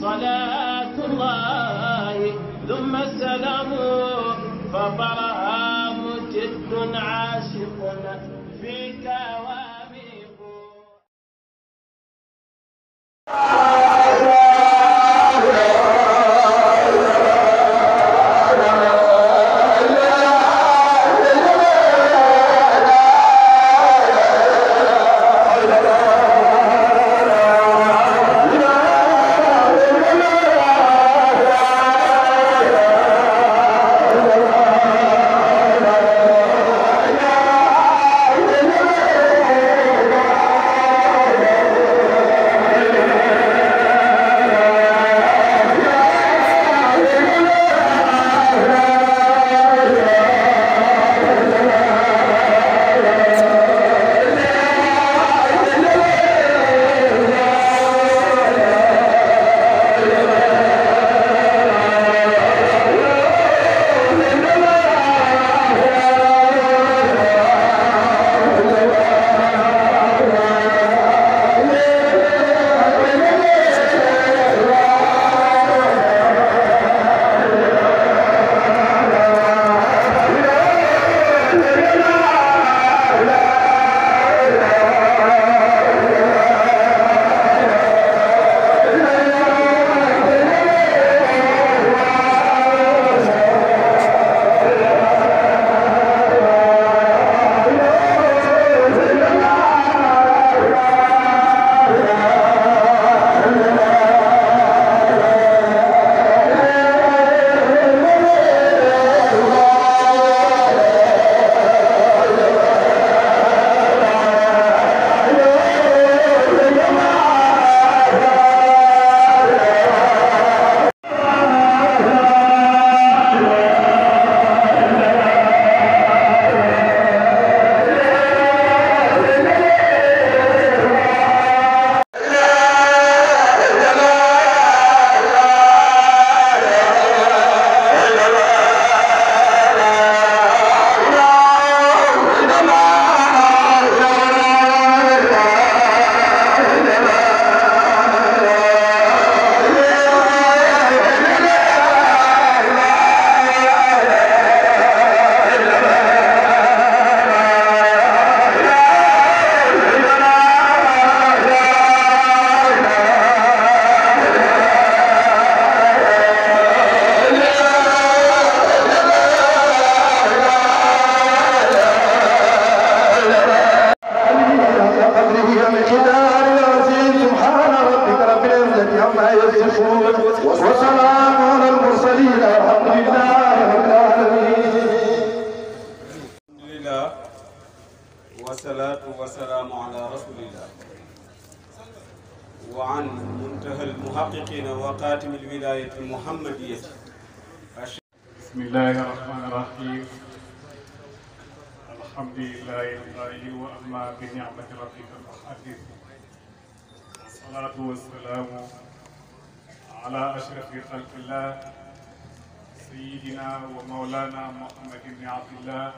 صلاة الله ثم السلام أفقه المحققين وقاتم الولاية المحمدية بسم الله الرحمن الرحيم الحمد لله القائل وأما بنعمة ربك فحدث والصلاة والسلام على أشرف خلق الله سيدنا ومولانا محمد بن عبد الله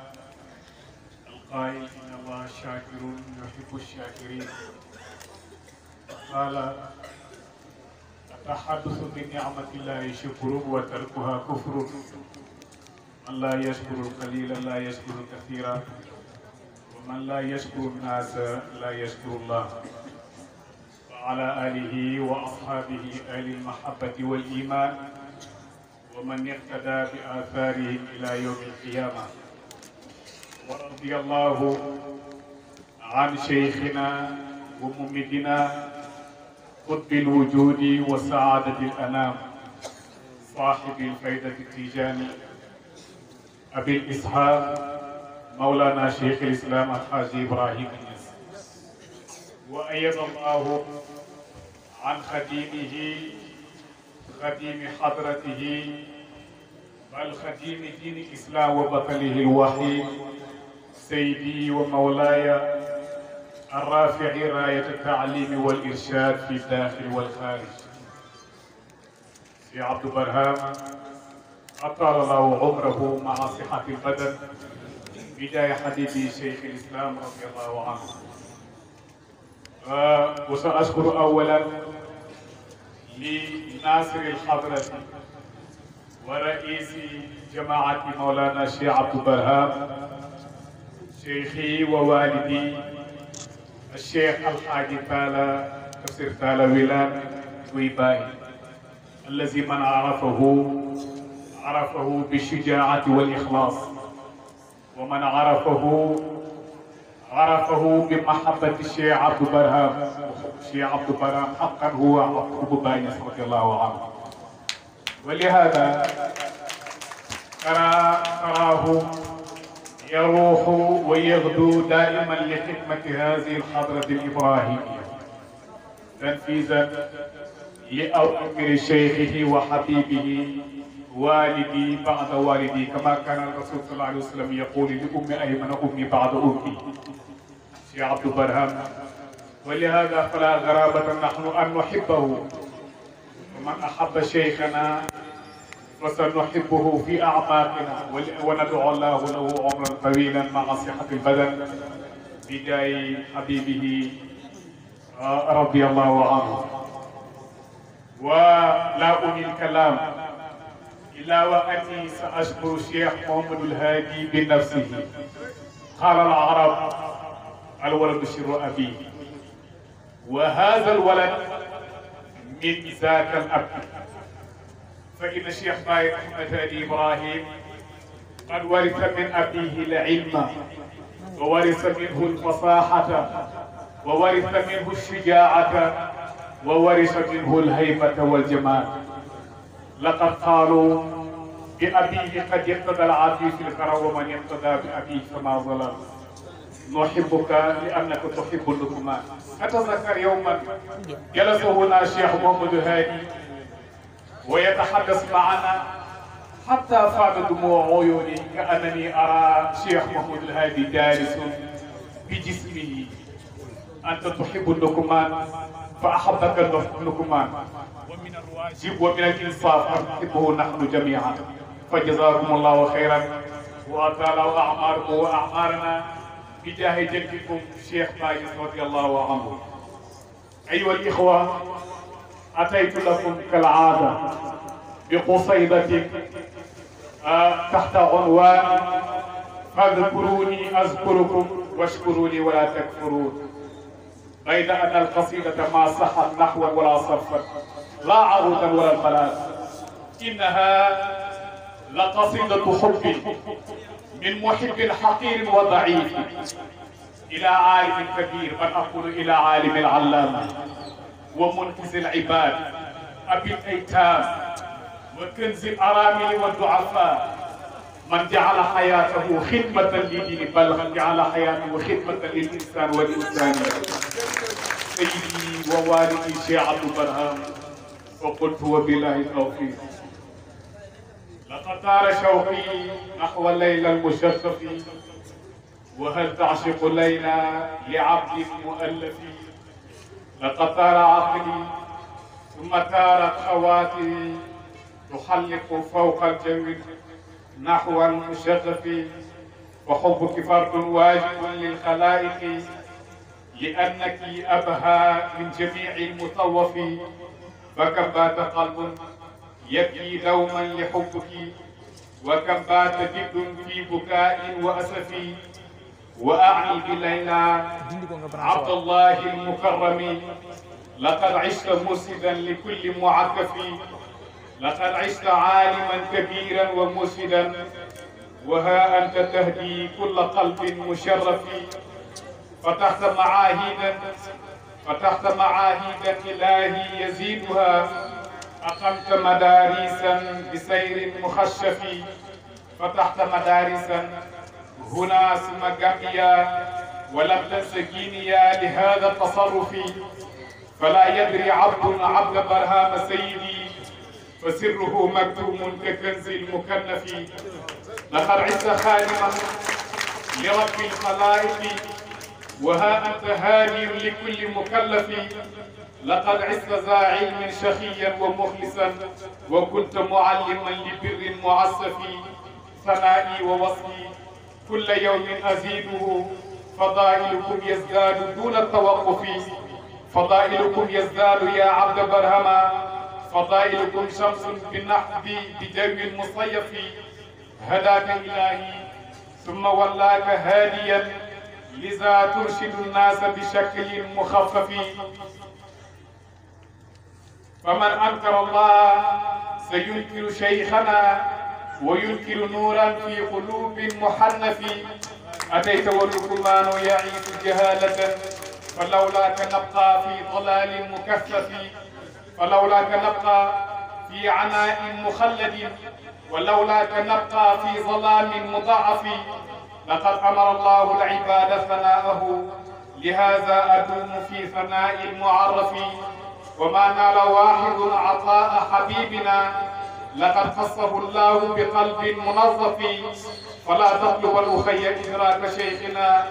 القائل إن الله شاكر يحب الشاكرين قال taxadusu bi ni'matillahi shukrun wa tarkuha kufrun man laa yashkuru qalila laa yashkuru kathira wa man laa yashkuru naasa laa yashkuru llah wa ala alihi wa ashabihi ahli almahabati wal iman wa man iqtada bi atharihim ila yawmi alqiyama wa radiya allahu an shaykhina wa mumidina قطب الوجود وسعادة الأنام صاحب الفائدة التيجاني أبي الإسحاق مولانا شيخ الإسلام الحاج إبراهيم الناس وأيد الله عن خديمه خديم حضرته بل خديم دين الإسلام وبطله الوحيد سيدي ومولاي الرافع راية التعليم والإرشاد في الداخل والخارج في عبد برهام أطال الله عمره مع صحة البدن بداية حبيبي شيخ الإسلام رضي الله عنه وسأشكر أولا لناصر الحضرة ورئيس جماعة مولانا شيخ عبد برهام شيخي ووالدي الشيخ الحاج تالا تفسير تالا ولاد ويباي الذي من عرفه عرفه بالشجاعة والإخلاص ومن عرفه عرفه بمحبة الشيخ عبد برهام الشيخ عبد برهام حقا هو عقب بايس رضي الله عنه ولهذا ترى تراه يروح ويغدو دائما لخدمة هذه الحضرة الإبراهيمية تنفيذا لأوامر شيخه وحبيبه والدي بعد والدي كما كان الرسول صلى الله عليه وسلم يقول لأم أيمن أمي بعد أمي يا عبد برهام ولهذا فلا غرابة نحن أن نحبه ومن أحب شيخنا وسنحبه في أعماقنا وندعو الله له عمرا طويلا مع صحة البدن بداية حبيبه رضي الله عنه ولا أني الكلام إلا وأني سأشكر الشيخ محمد الهادي بنفسه قال العرب الولد شر أبيه وهذا الولد من ذاك الأب فإن الشيخ طارق محمد هادي إبراهيم قد ورث من أبيه العلم وورث منه الفصاحة وورث منه الشجاعة وورث منه الهيبة والجمال لقد قالوا بأبيه قد يقتدى العافي في الكرى ومن يقتدى بأبيه فما ظلم نحبك لأنك تحب النكمان أتذكر يوما جلس هنا الشيخ محمد هادي ويتحدث معنا حتى فاض دموع عيوني كأنني أرى شيخ محمود الهادي جالس بجسمه أنت تحب اللقمان فأحبك اللقمان ومن الواجب ومن الإنصاف أن نحبه نحن جميعا فجزاكم الله خيرا وأطال أعماركم وأعمارنا بجاه جدكم شيخ باجس رضي الله عنه أيها الإخوة أتيت لكم كالعادة بقصيدة تحت عنوان فاذكروني أذكركم واشكروني ولا تكفرون بين أن القصيدة ما صحت نحوا ولا صرفا لا عروضا ولا بلاغا إنها لقصيدة حب من محب حقير وضعيف إلى عالم كبير من أقول إلى عالم العلامة ومنقذ العباد أبي الأيتام وكنز الأرامل والضعفاء من جعل حياته خدمة لدين بل جعل حياته خدمة للإنسان والإنسانية سيدي ووالدي شيعة برهام وقلت وبالله التوفيق لقد طار شوقي نحو الليل المشرف وهل تعشق ليلى لعبد مؤلف لقد طار عقلي ثم طارت خواطري تحلق فوق الجو نحو المشغف وحبك فرض واجب للخلائق لأنك أبهى من جميع المطوف فكم بات قلب يبكي دوما لحبك وكم بات جد في بكاء وأسف وأعني بالعنان عبد الله المكرم لقد عشت مسدا لكل معكف لقد عشت عالما كبيرا ومسدا وها أنت تهدي كل قلب مشرف فتحت معاهيدا فتحت معاهيدا إلهي يزيدها أقمت مدارسا بسير مخشف فتحت مدارسا هنا ثم قائيا ولم سكينيا لهذا التصرف فلا يدري عبد عبد برهام سيدي فسره مكتوم ككنز المكنف لقد عز خادما لرب الخلائق وها أنت هادي لكل مكلف لقد عزت ذا علم شقيا ومخلصا وكنت معلما لبر معصف ثنائي ووصفي كل يوم أزيده فضائلكم يزداد دون التوقف فضائلكم يزداد يا عبد برهما فضائلكم شمس بالنحب بجو مصيف هداك إلهي ثم ولاك هاديا لذا ترشد الناس بشكل مخفف فمن أنكر الله سينكر شيخنا وينكر نورا في قلوب محنف أتيت والقرآن يعيش جهالة فلولاك نبقى في ضلال مكثف فلولاك نبقى في عناء مخلد ولولاك نبقى في ظلام مضاعف لقد أمر الله العباد ثناءه لهذا أدوم في ثناء المعرف وما نال واحد عطاء حبيبنا لقد خصه الله بقلب منظف فلا تطلب الأخي إدراك شيخنا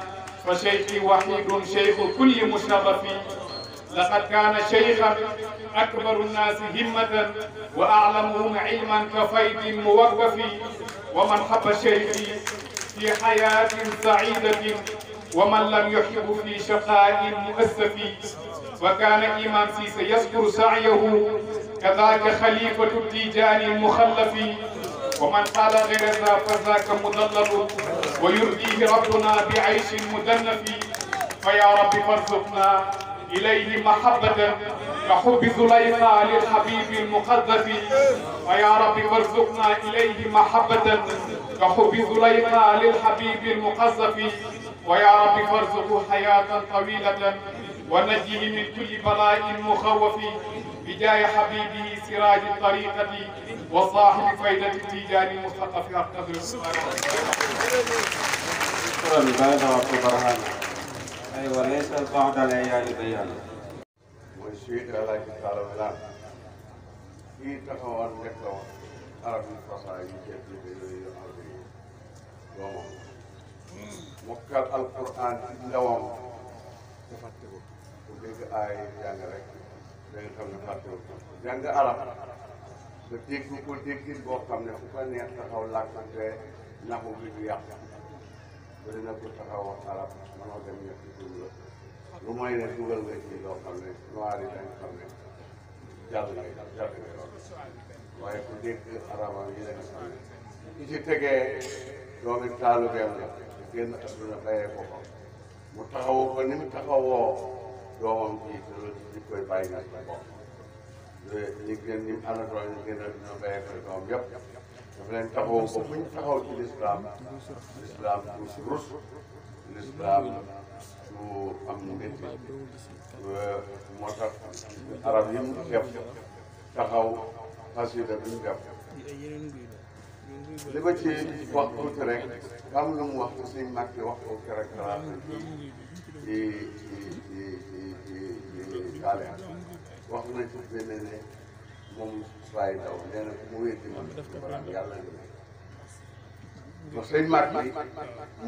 فشيخي وحيد شيخ كل مشرف لقد كان شيخا أكبر الناس همة وأعلمهم علما كفيد موقف ومن حب شيخي في حياة سعيدة ومن لم يحب في شقاء مؤسف وكان إمام سيسي يذكر سعيه كذاك خليفة التيجان المخلف ومن قال غير ذا فذاك مضلل ويرضيه ربنا بعيش مدنف فيا رب فارزقنا إليه محبة كحب زليخا للحبيب المقدس فيا رب فارزقنا إليه محبة كحب زليخا للحبيب المقذف ويا رب فارزقه حياة طويلة ونجيه من كل بلاء مخوف بجاي حبيبي سراج الطريقة وصاحب فائدة التيجان المثقف أقدر شكرا البلد وكبرهان أي وليس بعد العيال بيان ويسويد على كتاب الولاد في تخوان ذكر أرض الفصائل جديد للأرض ومم مكة القرآن إلا وم وكيف آية يعني ركب da nga xam ne fàttewul ko jàng arab nga dégg ko déggin boo xam ne ku ko neex taxaw làkkante naxu bi du yàq bëri na ku taxaw wax arab mënoo dem ñett dugub la lu mooy ne dugal nga ci loo xam ne noir yi dañ xam ne jàll ngay jàll ngay waaye ku dégg arabam yi dañ ne ki ci tegee doomi taalu beem la génn adduna bàyyee ko fa mu taxawoo ko doomam ci koy bàyyi nag ci bopp li ngeen ni gën a ñoo bàyyi doom yëpp dafa leen taxaw ko buñ taxaw ci lislaam lislaam du rus am métti moo tax arab yi mu def taxaw xasida bi ñu def li ci wax tuuti rek am lu mu wax ko suñ màkki wax ko keroog talaata ci ci Saalé ak wax na ci benn ne moom Baye Ndao nee na ku mu wér di man maanaam yàlla nga nekk. ma sëñ Mat bi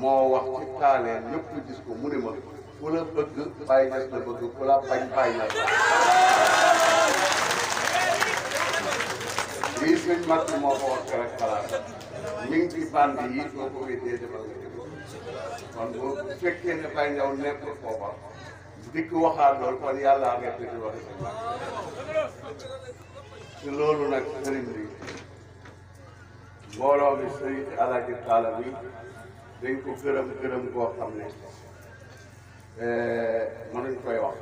moo wax ci taaleen ñëpp gis ko mu ne ma ku la bëgg bàyyi des na bëgg ku la bañ bàyyi na lii sëñ Mat bi moo ko wax rek xalaat mi ngi ci bànd yi boo ko wéetee defal nga kon bu fekkee ne Baye Ndao nekk dikk waxaat loolu kon yàlla ameetati wax ci loolu nag sëriñ bi mbooloo mi sëriñ Alaaji Taala bi dañ ko gërëm gërëm goo xam ne eh, mënuñ koy wax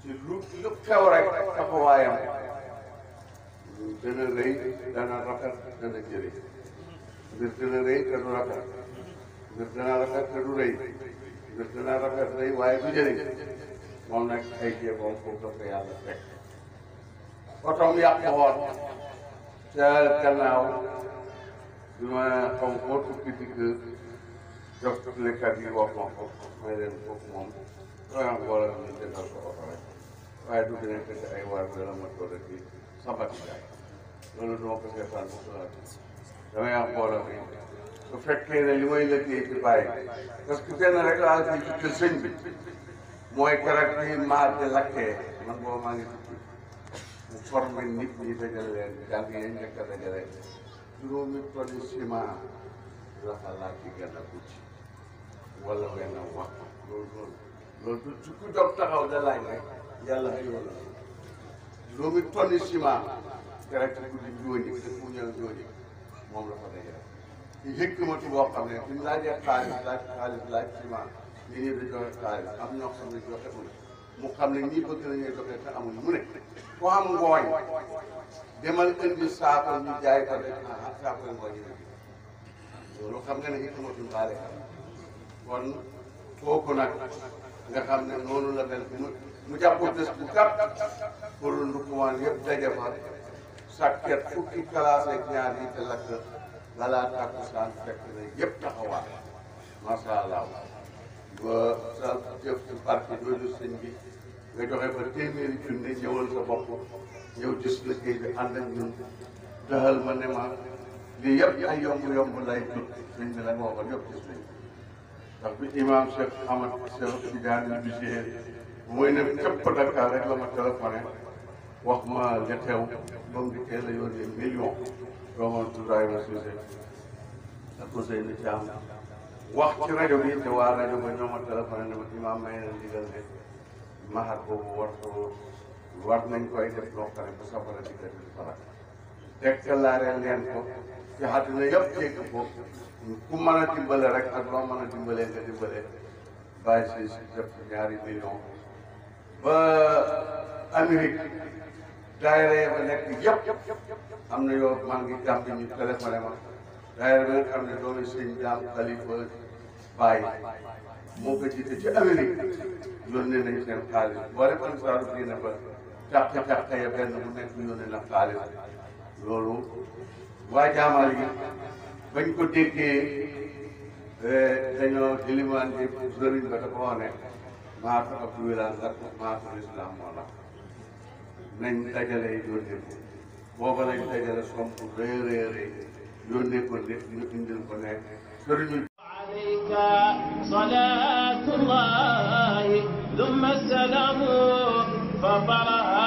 ci lu lu xew rek taxawaayam dana rëy dana rafet dana jëriñ mbir dana rëy te du rafet mbir dana rafet te du rëy gis naa rafet lay waaye du jëriñ moom nag ay jéegoom pour que yàlla fekk otoom yàq woon ca gannaaw bi ma xam koo tukki dikk jox lekat yi wax ma ko may leen foofu moom doyam wala ñu jëndal ko oto rek waaye du dina fekk ay waar dala ma toole ci sabati jaay loolu duma ko seetaan bu solaat damay am boolami su fekkee ne li may liggéey ci bàyyi parce que rek laa fi jublu sëñ bi mooy keroog bi maar di lakkee man boobu maa ngi tukki mu formé nit ñi dajale leen jàng yéen njëkk a dajale juróomi tonni ciment la fa laaj ci gànnaaw guddi loolu loolu loolu du ku jóg taxaw da laaj rek yoon la juróomi tonni ciment keroog ci guddi jooju te fu moom la fa dajale. hikmatu boo xam ne suñ laajee xaalis laaj xaalis laaj ciment li ñuy di joxe xaalis am ñoo xam ne joxe mu mu xam ne ñii bëgg nañuy joxe te amul mu ne ku am ngooñ demal indi saako ñu jaay ko rek ah saako ngooñ yi loolu xam nga ne hikmatu mbaale kon kooku nag nga xam ne noonu la mel mu mu jàppul bés bu gàtt pour ndukkumaan yëpp daje fa sàkket fukki classe ñaar yi te lakk balaa takkusaan fekk na yëpp taxawaat allah ba sa jëf ci barke doolu sëñ sa bopp ñëw gis liggéey bi ànd ak ñun ma ne ma lii yëpp ay yomb-yomb lay tudd suñ la nga waxoon yëpp gis nañ ndax bi imam Cheikh Ahmad Cheikh Tidiane bi si mooy ne képp Dakar rek la ma téléphoné wax ma nga teew ba mu di teel a million doomu Ibrahima Cissé ak Ousseynou Thiam wax ci rajo bi te waa rajo ba ñooma téléphone ne ma imaam may na ndigal ne mahar boobu war ko war nañ koy def loo xam ne bu safara di def di farak tegtalaareel leen ko ci na yëpp jégg ko ku mën a dimbale rek ak loo mën a nga dimbale bàyyi si si def ñaari million ba Amérique daayira ya nekk yëpp am na yoo maa ngi jàpp ñu téléphoné ma daayira ba nga xam ne doomi sëñ daam xalifa bàyyi moo ko jiite ci Amérique yónnee nañu seen xaalis boole kon saa du dina ba càq càq ya benn bu nekk yónnee na xaalis loolu waa jaamaal yi bañ ko déggee eh, dañoo dilimaan di sëriñ ba dafa wax ne maata abdouwilan ak maata islam moo la nañ dajale yónnee ko booba lañ dajale somp rëy rëy rëy yónnee ko lépp ñu indil ko nekk sëriñu alayka salaatullahi thumma salaamu fa faraha